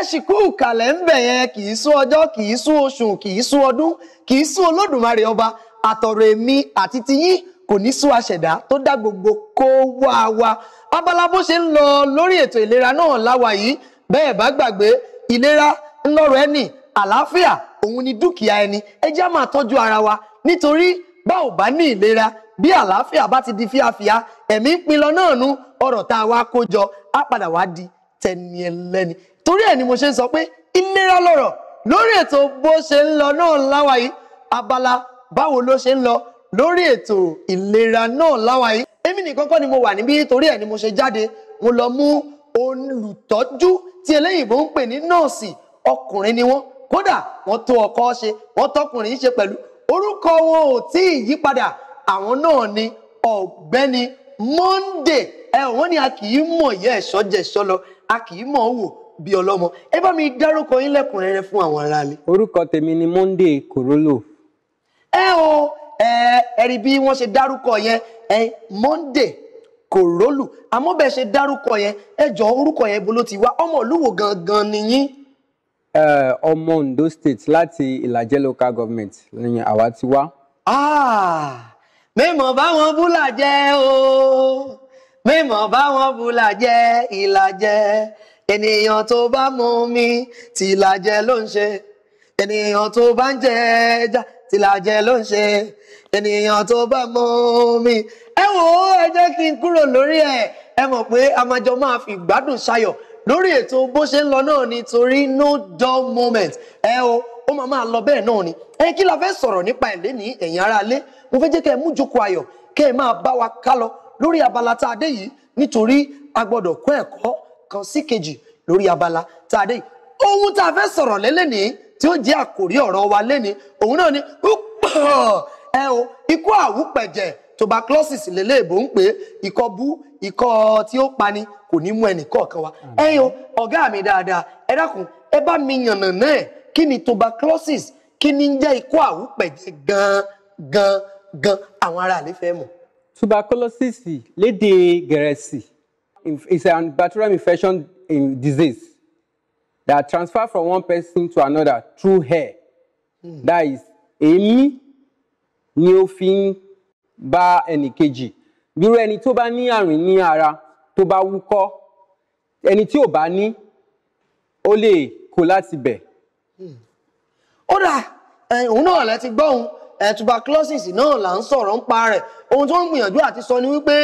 ẹṣìkú ìkàlẹ̀ ń bẹ̀ yẹn kì í sún ọjọ́ kì í sún oṣù kì í sún ọdún kì í sún olódùmarè ọba àtọ̀rọ̀ èmi àti tiyín kò ní sún aṣẹ̀dá tó dá gbogbo kó wá wa abala bó ṣe ń lọ lórí ètò ìlera náà láwa yìí bẹ́ẹ̀ bá gbàgbé ìlera ńlọrọ̀ ẹni àlàáfíà òun ni dúkìá ẹni ẹ jẹ́ máa tọ́jú ara wa nítorí bá ò bá ní ìlera bí àlàáfíà bá ti di fíafíà ẹ̀mí ń pin lọ náà nu ọ̀rọ̀ tá a wá kó jọ á padà wá di tẹni torí ẹ̀ ni mo ṣe ń sọ pé ìlera lọ́rọ̀ lórí ètò bó ṣe ń lọ náà láwa yìí abala báwo ló ṣe ń lọ lórí ètò ìlera náà láwa yìí èmi nìkan kọ́ ni mo wà níbí torí ẹ̀ ni mo ṣe jáde mo lọ mú olùtọ́jú tí eléyìnbó ń pè ní nọ́ọ̀sì ọkùnrin ni wọ́n kódà wọ́n tó ọkọ ṣe wọ́n tọkùnrin ṣe pẹ̀lú orúkọ wọn ò tí ì yípadà àwọn náà ni ọ̀gbẹ́ni Monday ẹ wọ́n ní a kì í mọ̀ yẹ ẹ̀ṣọ́ lọ a kì í mọ̀ wò bí ọlọ́mọ ẹ bá mi dárúkọ yín lẹ́kùnrẹ́rẹ́ fún àwọn ará orúkọ tèmi ni Monday Korolo. ẹ o ẹ ẹ rí bí wọ́n ṣe dárúkọ yẹn ẹ Monday Korolo àmọ́ bẹ́ẹ̀ ṣe dárúkọ yẹn ẹ jọ orúkọ yẹn bó ló ti wá ọmọ olúwo gangan ni yín. ọmọ Ondo State láti Ìlàjẹ local government ni àwa ti wá. Ah, mímọ̀ báwọn Búlà jẹ́ o mímọ̀ báwọn Búlà jẹ́ Ìlàjẹ ènìyàn tó bá mú mi tìlàjẹ ló ń ṣe ènìyàn tó bá ń jẹ ẹja tìlàjẹ ló ń ṣe ènìyàn tó bá mú mi ẹ wò ó ẹ jẹ́ kí n kúrò lórí ẹ̀ ẹ mọ̀ pé a máa jọ máa fi ìgbádùn ṣayọ̀ lórí ètò bó ṣe ń lọ náà nítorí no dull moment ẹ o ó máa máa lọ bẹ́ẹ̀ náà ni ẹ kí la fẹ́ sọ̀rọ̀ nípa ẹ̀ lé ní ẹ̀yìn ara lé mo fẹ́ jẹ́ kẹ́ ẹ mú jókòó ayọ̀ kẹ́ ẹ máa bá wa ká lọ lórí abala tá a dé yìí nítorí a gbọ́dọ̀ kọ́ ẹ̀kọ́ kan sí kejì lórí abala tá a dé ohun tá a fẹ́ sọ̀rọ̀ lẹ́lẹ́ni tí ó jẹ́ àkòrí ọ̀rọ̀ wa lẹ́ni òun náà ni púpọ̀ ẹ o ikú àwùpẹ̀jẹ̀ tuberculosis lélẹ́ẹ̀bù ń pè é ikọ́ bú ikọ́ tí ó pani kò ní mú ẹnì kọ̀ọ̀kan wa ẹ o ọ̀gá mi dáadáa ẹ dákun ẹ bá mi yànnà náà kí ni tuberculosis kí ni ń jẹ́ ikú àwùpẹ̀jẹ̀ gan gan gan àwọn ará àlè fẹ́ mọ̀. tuberculosis lédè gẹ̀rẹ́sì it's an bacterial infection in disease that transfer from one person to another through hair. Mm. That is, èémí ni ó fi ń bá ẹnìkejì. Bírú ẹni tó bá ní àrùn ní ara tó bá wúkọ́, ẹni tí ò bá ní, ó lè kó láti bẹ̀. Hmm. Ó dà, òun náà lẹ gbọ́ òun ẹ tuberculosis náà là ń sọ̀rọ̀ ń pa rẹ̀ ohun tó ń gbìyànjú àti sọ ni wípé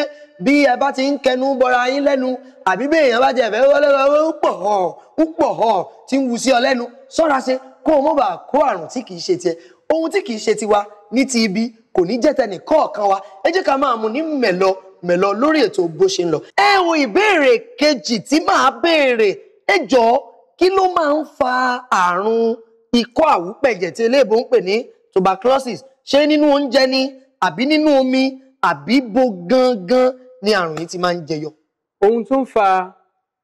bí ẹ bá ti ń kẹnu bọra yín lẹ́nu àbí bí èèyàn bá jẹ ẹ̀fẹ́ wọ́lẹ́wọ́ pọ̀ hàn ń pọ̀ hàn ti ń wu sí ọ lẹ́nu sọ́ra ṣe kó o mọ̀ bá kó àrùn tí kìí ṣe tiẹ̀ ohun tí kìí ṣe tiwa ní ti ibi kò ní jẹ́ tẹnì kọ̀ọ̀kan wa ẹ jẹ́ ká máa mú ní mẹ̀lọ mẹ̀lọ lórí ètò bó ṣe ń lọ. ẹ wo ìbéèrè kejì tí màá béèrè ẹ jọ̀ọ́ kí ló máa ń fa àrùn ikọ́ àwúpẹ̀jẹ̀ tí eléèbó ń pè ní tuberculosis ṣé nínú oúnjẹ ni àbí nínú omi àbí bo gangan ni àrùn yìí ti máa ń jẹyọ. ohun tó ń fa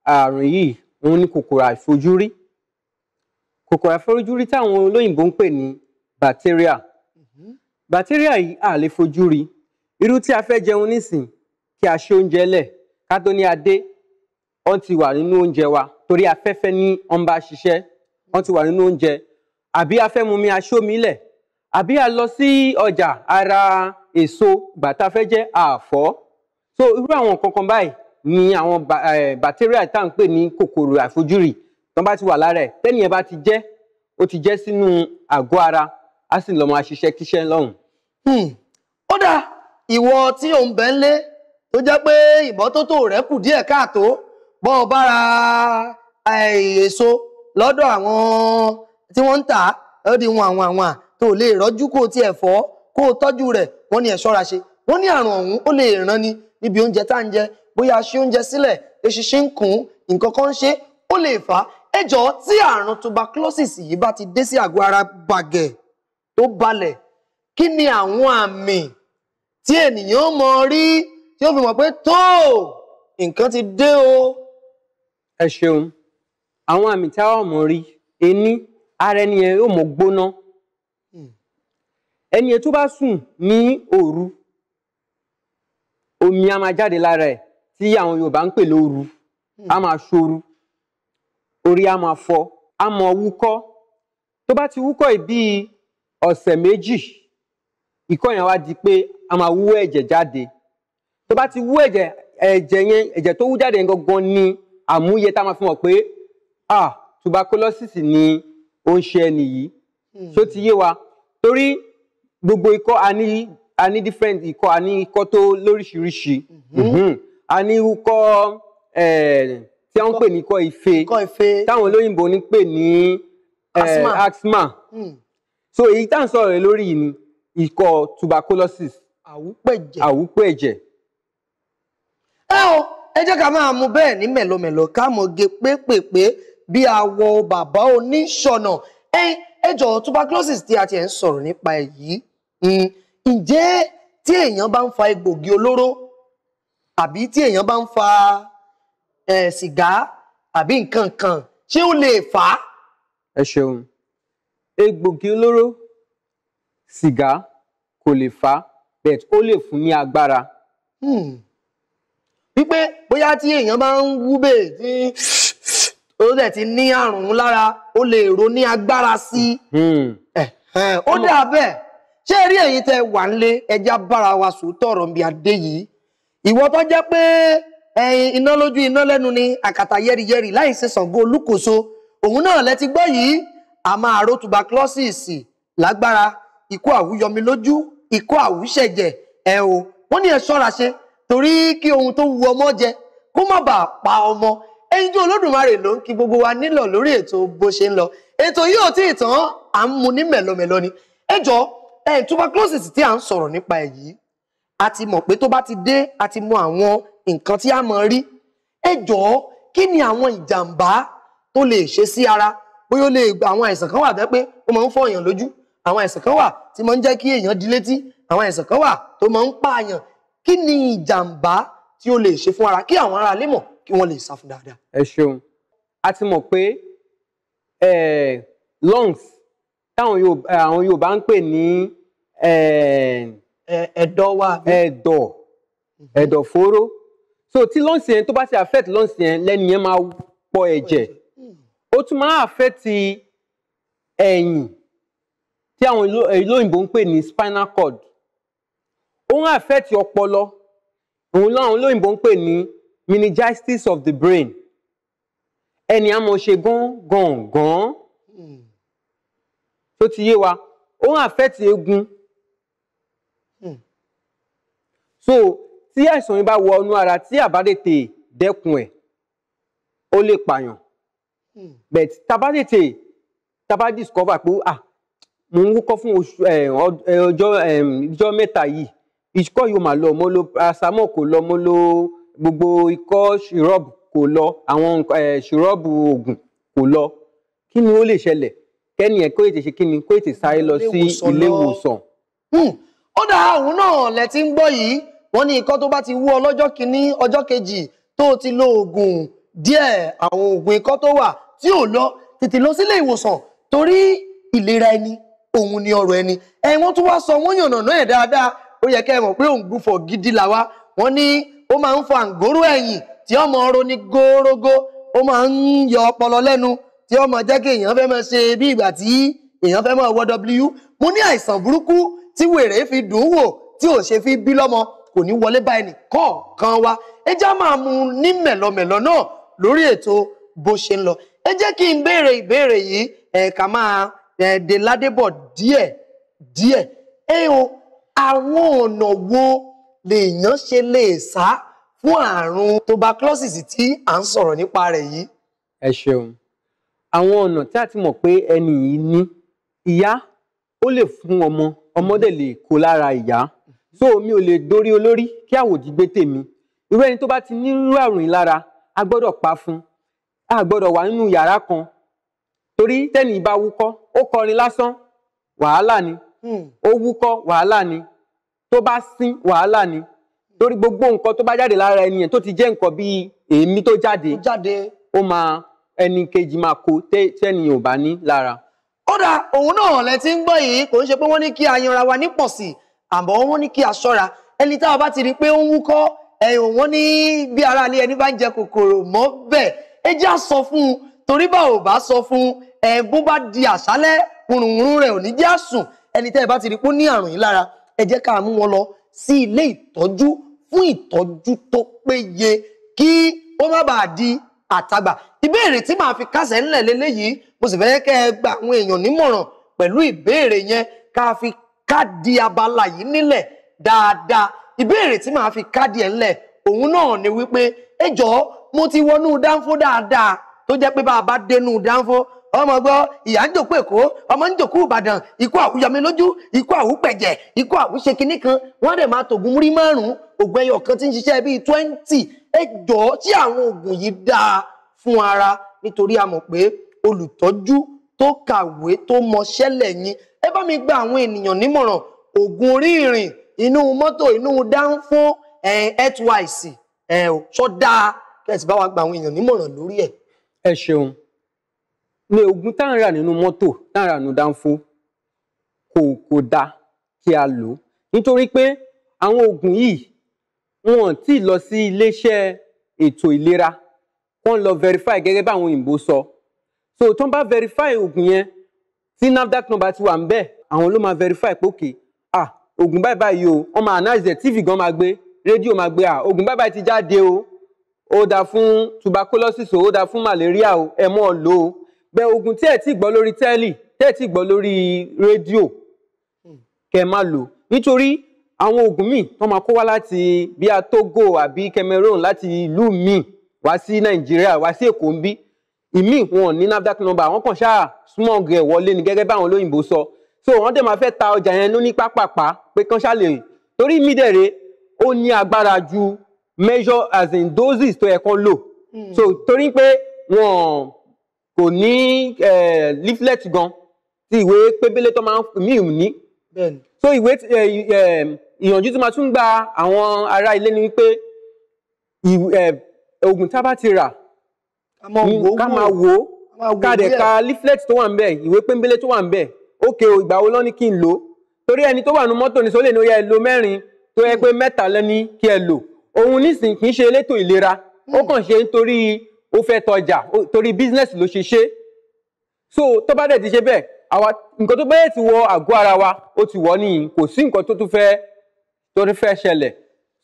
àrùn yìí òun ni kòkòrò àìfojúrí kòkòrò àìfojúrí táwọn olóyìnbó ń pè ní bacteria mhm. bacteria yìí a lè fojú rí irú tí a fẹ́ jẹun nísìn kí a ṣe oúnjẹ lẹ̀ ká tó ní adé wọ́n ti wà nínú oúnjẹ wa torí afẹ́fẹ́ ní wọ́n ṣiṣẹ́ wọ́n ti wà nínú oúnjẹ àbí afẹ́mumi aṣómi lẹ̀ àbí a lọ sí ọjà ara èso gbàtà fẹ́ jẹ́ àfọ́ so irú àwọn kankan báyìí ni àwọn bacteria tá à ń pè ní kòkòrò àfojúrí tán bá ti wà lára ẹ̀ tẹ́nìyẹn bá ti jẹ ó ti jẹ sínú àgọ́ ara á sì lọ máa ṣiṣẹ́ kíṣẹ́ lọ́hùn. Hmm. ó dà ìwọ tí ò ń bẹ ń lé tó jẹ́ pé ìmọ́tótó rẹ̀ kù díẹ̀ káàtó bọ́ ọ bá èso lọ́dọ̀ àwọn tí wọ́n ń tà ó di wọn àwọn àwọn à tó lè rọ́jú kó o tiẹ̀ fọ́ kó o tọ́jú rẹ̀ wọ́n ní ẹ̀ ṣọ́ra ṣe wọ́n ní àrùn ọ̀hún ó lè ràn ni níbi oúnjẹ tá à ń jẹ bóyá a ṣí oúnjẹ sílẹ̀ eṣinṣin ń kùn nǹkan kan ń ṣe ó lè fà á ẹ jọ̀ọ́ tí àrùn tuberculosis yìí bá ti dé sí àgọ́ ara bàgẹ̀ tó balẹ̀ kí ni àwọn àmì tí ènìyàn mọ rí tí ó fi mọ̀ pé tó nǹkan ti dé o. ẹ ṣeun àwọn àmì tí a ó mọ rí ení ara ẹni yẹn yóò mọ gbóná ẹni tó bá sùn ní òru omi a máa jáde lára ẹ̀ tí àwọn Yorùbá ń pè lóru a máa ṣoru orí a máa fọ a máa wúkọ́ tó bá ti wúkọ́ yìí bíi méjì ikọ́ yẹn wá di pé a máa wú ẹ̀jẹ̀ jáde tó bá ti wú ẹ̀jẹ̀ ẹ̀jẹ̀ yẹn ẹ̀jẹ̀ tó wú jáde yẹn gangan ni àmúyẹ tá a máa fi mọ̀ pé ah tuberculosis ni ó ń ṣe ẹni yìí hmm. ṣó ti yé wa torí gbogbo ikọ̀ a ní a ní different ikọ̀ a ní ikọ̀ tó lóríṣiríṣi mm-hmm. Mm-hmm. a ní ikọ̀ tí wọ́n ń pè ní ikọ̀ ife táwọn olóyìnbó ń pè ní asthma mm. so èyí tá à ń sọ̀rọ̀ rẹ̀ lórí yìí ni ikọ̀ tuberculosis àwúpẹ̀jẹ̀ àwúpẹ̀jẹ̀. ẹ o ẹ jẹ́ ká máa mu bẹ́ẹ̀ ní mẹ̀lọmẹ̀lọ ká mọ̀ ge pépèpé bí àwọ̀ bàbá oníṣọ̀nà ẹ ẹ jọ̀ọ́ tuberculosis tí a ti ẹ̀ ń sọ̀rọ̀ nípa ẹ̀ yìí Hmm. ǹjẹ́ tí èèyàn bá ń fa egbògi olóró àbí tí èèyàn bá ń fa sìgá àbí nǹkan kan ṣé ó lè fà á. ẹ ṣeun egbògi olóró sìgá kò lè fà á bẹ́ẹ̀ ó lè fún ní agbára. Hmm. wípé bóyá tí èèyàn bá ń wúbè tí ó dẹ̀ ti ní àrùn lára ó lè ro ní agbára sí i hmm. ó dà bẹ́ẹ̀ ṣé rí ẹ̀yin tẹ́ wà ń lé ẹja bára wa sòótọ́ ọ̀rọ̀ ń bi adé yìí ìwọ tó jẹ́ pé ẹyin iná lójú iná lẹ́nu ni àkàtà yẹ́rìyẹ́rì láì ṣe Ṣàngó Olúkòso òun náà lẹ ti gbọ́ yìí àmọ́ àrò tuberculosis lágbára ikú àwúyọmi lójú ikú àwúṣẹ̀jẹ̀ ẹ o wọ́n ní ẹ ṣọ́ra ṣe torí kí ohun tó wu ọmọ jẹ kó má bàa pa ọmọ ẹyin tí Olódùmarè ló ń kí gbogbo wa nílọ̀ lórí ètò bó ṣe ń lọ ètò yìí ò tí ì tán à ń mu ní mẹ̀lọmẹ̀lọ ni ẹ jọ̀ọ́ ẹ̀ tuberculosis tí à ń sọ̀rọ̀ nípa ẹ̀ yìí a ti mọ̀ pé tó bá ti dé a ti mọ àwọn nǹkan tí a máa rí ẹ jọ̀ọ́ kí ni àwọn ìjàmbá tó lè ṣe sí ara bóyá ó lè àwọn àìsàn kan wà tó pé ó máa ń fọ́ èèyàn lójú àwọn àìsàn kan wà tí máa ń jẹ́ kí èèyàn di létí àwọn àìsàn kan wà tó máa ń pààyàn kí ni ìjàmbá tí ó lè ṣe fún ara kí àwọn ará lè mọ̀ kí wọ́n lè sá fún dáadáa. ẹ ṣeun a ti mọ̀ pé lungs táwọn Yorùbá ń pè ní Eh, eh, ẹ̀dọ̀ wa. ẹ̀dọ̀ ẹ̀dọ̀fóró so tí lungs yẹn tó bá ti affect lungs yẹn lẹ́nu yẹn máa pọ̀ ẹ̀jẹ̀ ó tún máa affect ẹ̀yìn tí àwọn ìlú òyìnbó ń pè ní spinal cord ó ń affect ọpọlọ òun láwọn olóyìnbó ń pè ní meningitis of the brain ẹni a mọ̀ ṣe gan gan gan tó hmm. ti yé wa ó ń affect eegun so tí àìsàn yìí bá wọ inú ara tí àbádètè dẹ́kun ẹ̀ ó lè pààyàn hmm. but tabadètè tabá pé ah mo ń wúkọ́ fún eh, eh, ọjọ́ ọjọ́ mẹ́ta yìí ìkọ́ yóò máa lọ mo lo paracetamol kò lọ mo lo gbogbo ikọ́ ṣìrọ́ọ̀bù kò lọ àwọn ṣìrọ́ọ̀bù eh, oògùn kò lọ kí ni ó lè ṣẹlẹ̀ kẹ́ni ẹ̀ kó ètè ṣe kí ni kó ètè sáré lọ sí ilé ìwòsàn. Hmm. ó dáa òun náà lẹ ti ń gbọ́ yìí wọ́n ní ikọ́ tó bá ti wú ọ lọ́jọ́ kìíní ọjọ́ kejì tó o ti lo oògùn díẹ̀ àwọn oògùn ikọ́ tó wà tí ò lọ tètè lọ sílé ìwòsàn torí ìlera ẹni òun ni ọrọ̀ ẹni ẹ wọ́n tún wá sọ wọ́n yànnà náà ẹ̀ dáadáa ó yẹ kẹ́ ẹ mọ̀ pé òǹgbufọ̀ gidi làwa wọ́n ní ó máa ń fa àǹgóró ẹ̀yìn tí ọmọ ọrọ̀ ni górógó ó máa ń yọ ọpọlọ lẹ́nu tí ọmọ jẹ́ kí èèyàn fẹ́ máa ṣe bí ìgbà tí èèyàn fẹ́ máa wọ w tí ò ṣe fi bí lọ́mọ kò ní wọlé bá ẹnì kọ̀ọ̀kan wa ẹ já máa mú un ní mẹ̀lọmẹ̀lọ náà lórí ètò bó ṣe ń lọ ẹ jẹ́ kí n béèrè ìbéèrè yìí ẹ̀ka máa de ládébọ̀ díẹ̀ díẹ̀ ẹ o àwọn ọ̀nà wo lèèyàn ṣe lè sá fún àrùn tuberculosis tí à ń sọ̀rọ̀ nípa rẹ̀ yìí. ẹ ṣeun àwọn ọ̀nà tí a ti mọ̀ pé ẹni yìí ní ìyá ó lè fún ọmọ ọmọdé lè kó lára ìyá so mi ò lè dorí olórí kí àwòdì gbé tèmi irú ẹni tó bá ti nírú àrùn yìí lára a gbọ́dọ̀ pa fún a gbọ́dọ̀ wà nínú yàrá kan torí tẹ́nì bá wúkọ́ ó kọrin lásán wàhálà ni hmm. ó wúkọ́ wàhálà ni tó bá sín wàhálà ni torí gbogbo nǹkan tó bá jáde lára ẹni yẹn tó ti jẹ́ nǹkan bíi èémí tó jáde ó máa ẹni kejì máa kó tẹ́ni ò bá ní lára. kódà òun náà lẹ ti ń gbọ́ yìí kò ń ṣe pé wọ́n ní kí a yanra wa nípọ̀sí àmọ́ wọ́n ní kí a ṣọ́ra ẹni táwa bá ti rí pé ó ń wúkọ́ ẹ̀yìn wọ́n ní bí ara ilé ẹni bá ń jẹ kòkòrò mọ́ bẹ́ẹ̀ ẹ jẹ́ àsọ fún un torí bá ò bá sọ fún un ẹ̀ bó bá di àṣálẹ́ hurunhurun rẹ̀ ò ní jẹ́ àsùn ẹni tẹ́ bá ti rí pé ó ní àrùn yìí lára ẹ jẹ́ ká mú wọn lọ sí ilé ìtọ́jú fún ìtọ́jú tó péye kí ó má bàa di àtagbà ìbéèrè tí màá fi kásẹ̀ ńlẹ̀ lélẹ́yìí mo sì fẹ́ kẹ́ ẹ àwọn èèyàn nímọ̀ràn pẹ̀lú ìbéèrè yẹn ká fi ká di abala yìí nílẹ̀ dáadáa ìbéèrè tí màá fi ká díẹ̀ ńlẹ̀ òun náà ni wípé ẹ jọ̀ọ́ mo ti wọnú dánfó dáadáa tó jẹ́ pé bá a bá dénú dánfó ọmọ gbọ́ ìyá ń jòkó èkó ọmọ ń jòkó ìbàdàn ikú àwùyọmí lójú ikú àwùpẹ̀jẹ̀ ikú àwùṣe kinní kan wọ́n dẹ̀ máa tògùn múrí márùn-ún ògùn ẹyọ kan tí ń ṣiṣẹ́ bíi twenty ẹ jọ̀ọ́ tí àwọn oògùn yìí dáa fún ara nítorí a mọ̀ pé olùtọ́jú tó kàwé tó mọṣẹ́ lẹ́yìn ẹ bá mi gba àwọn ènìyàn nímọ̀ràn oògùn orí ìrìn inú mọ́tò inú dánfó xyz ṣọ́ dáa kẹ́sì bá wa gba àwọn èèyàn nímọ̀ràn lórí ẹ̀. ẹ ṣeun ní oògùn tá à ń rà nínú mọ́tò tá à ń rà nínú dánfó kò kò dáa kí a lò ó nítorí pé àwọn oògùn yìí wọn ò lọ sí iléeṣẹ́ ètò ìlera wọ́n lọ verify gẹ́gẹ́ bá àwọn òyìnbó sọ so tó ń bá verify oògùn yẹn tí NAFDAC number ti wà ń bẹ̀ àwọn ló máa verify pé òkè à oògùn báyìí báyìí o wọ́n máa analyse TV gan máa gbé rédíò máa gbé à oògùn báyìí báyìí ti jáde o ó dáa fún tuberculosis o ó dáa fún malaria o ẹ mọ́ ọ lò ó bẹ́ẹ̀ oògùn tí ẹ̀ ti gbọ́ lórí tẹ́lì tí ẹ̀ ti gbọ́ lórí rédíò kẹ́ ẹ má lò nítorí àwọn oògùn míì wọ́n máa kó wá láti bíi Togo àbí Cameroon láti ìlú míì wá sí Nàìjíríà wá sí Èkó ń bí ìmí wọn ò ní NAFDAC number àwọn kan ṣáà smog rẹ̀ wọlé ni gẹ́gẹ́ báwọn olóyìnbó sọ so wọ́n dẹ̀ máa fẹ́ ta ọjà yẹn lóní pápápá pé kán ṣáà lè rìn torí mí dẹ̀rẹ̀ ó ní agbára ju measure as in doses tó yẹ kán lò hmm. so torí pé wọn kò ní leaflet gan ti ìwé pébélé tó máa ń mí ní so ìwé ìyànjú tó máa tún gba àwọn ará ilé ni wípé oògùn tá a bá ti rà ká máa wò ó ká dẹ̀ ka leaflet tó wà ń bẹ̀ ìwé péńbélé tó wà ń bẹ̀ ókè o ìgbà wo lọ́ ní kí n lò ó torí ẹni tó wà nínú mọ́tò ní sólè ní ó yẹ lo mẹ́rin tó yẹ pé mẹ́ta lẹ́ni kí ẹ lò òun nísìnyí kì í ṣe elétò ìlera ó hmm. kàn ṣe nítorí ó tọjà torí business ló ṣe ṣe so tó bá dẹ̀ ti ṣe bẹ́ẹ̀ àwa nǹkan tó bẹ́ẹ̀ ti wọ àgọ́ ara wa ó ti wọ̀ nìyí kò sí nǹkan tó tún fẹ́ tó tún fẹ́ ṣẹlẹ̀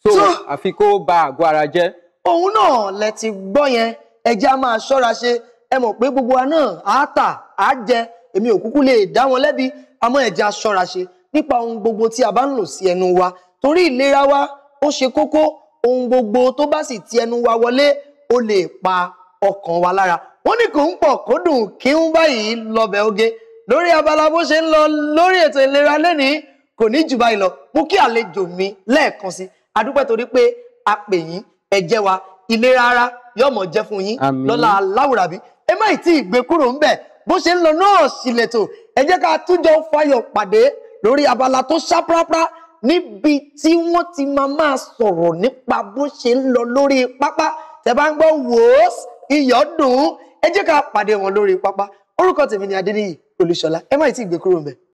so àfi kó ba àgọ́ ara jẹ́. òun náà lẹ ti gbọ́ yẹn ẹjẹ́ á máa ṣọ́ra ṣe ẹ mọ̀ pé gbogbo wa náà á tà á jẹ èmi ò kúkú lè dá wọn lẹ́bi àmọ́ ẹjẹ́ á ṣọ́ra ṣe nípa ohun gbogbo tí a bá ń lò sí ẹnu wa torí ìlera wa ó ṣe kókó ohun gbogbo tó bá sì ti ẹnu wa wọlé ó lè pa ọkàn wa lára wọ́n ní kò ń pọ̀ kó dùn kí ń báyìí lọ́bẹ̀ oge lórí abala bó ṣe ń lọ lórí ètò ìlera lẹ́nìí kò ní jù báyìí lọ mú kí àlejò mi lẹ́ẹ̀kan sí adúpẹ́ torí pé a pè wa ìlera ara yóò mọ̀ jẹ́ fún yín lọ́la aláwùrábí ẹ má ì tí ì gbé kúrò ńbẹ̀ bó ṣe ń lọ náà sílẹ̀ tó ẹ jẹ́ ká túnjọ fayọ̀ pàdé lórí abala tó ṣá prápra níbi tí wọ́n ti máa máa sọ̀rọ̀ nípa bó ṣe ń lọ lórí pápá tẹ bá ń gbọ́ wòós iyọ̀ dùn ẹ jẹ́ ká pàdé wọn lórí pápá orúkọ tèmi ni Adéníyì Olúṣọlá ẹ má ì tí ì gbé kúrò ńbẹ̀.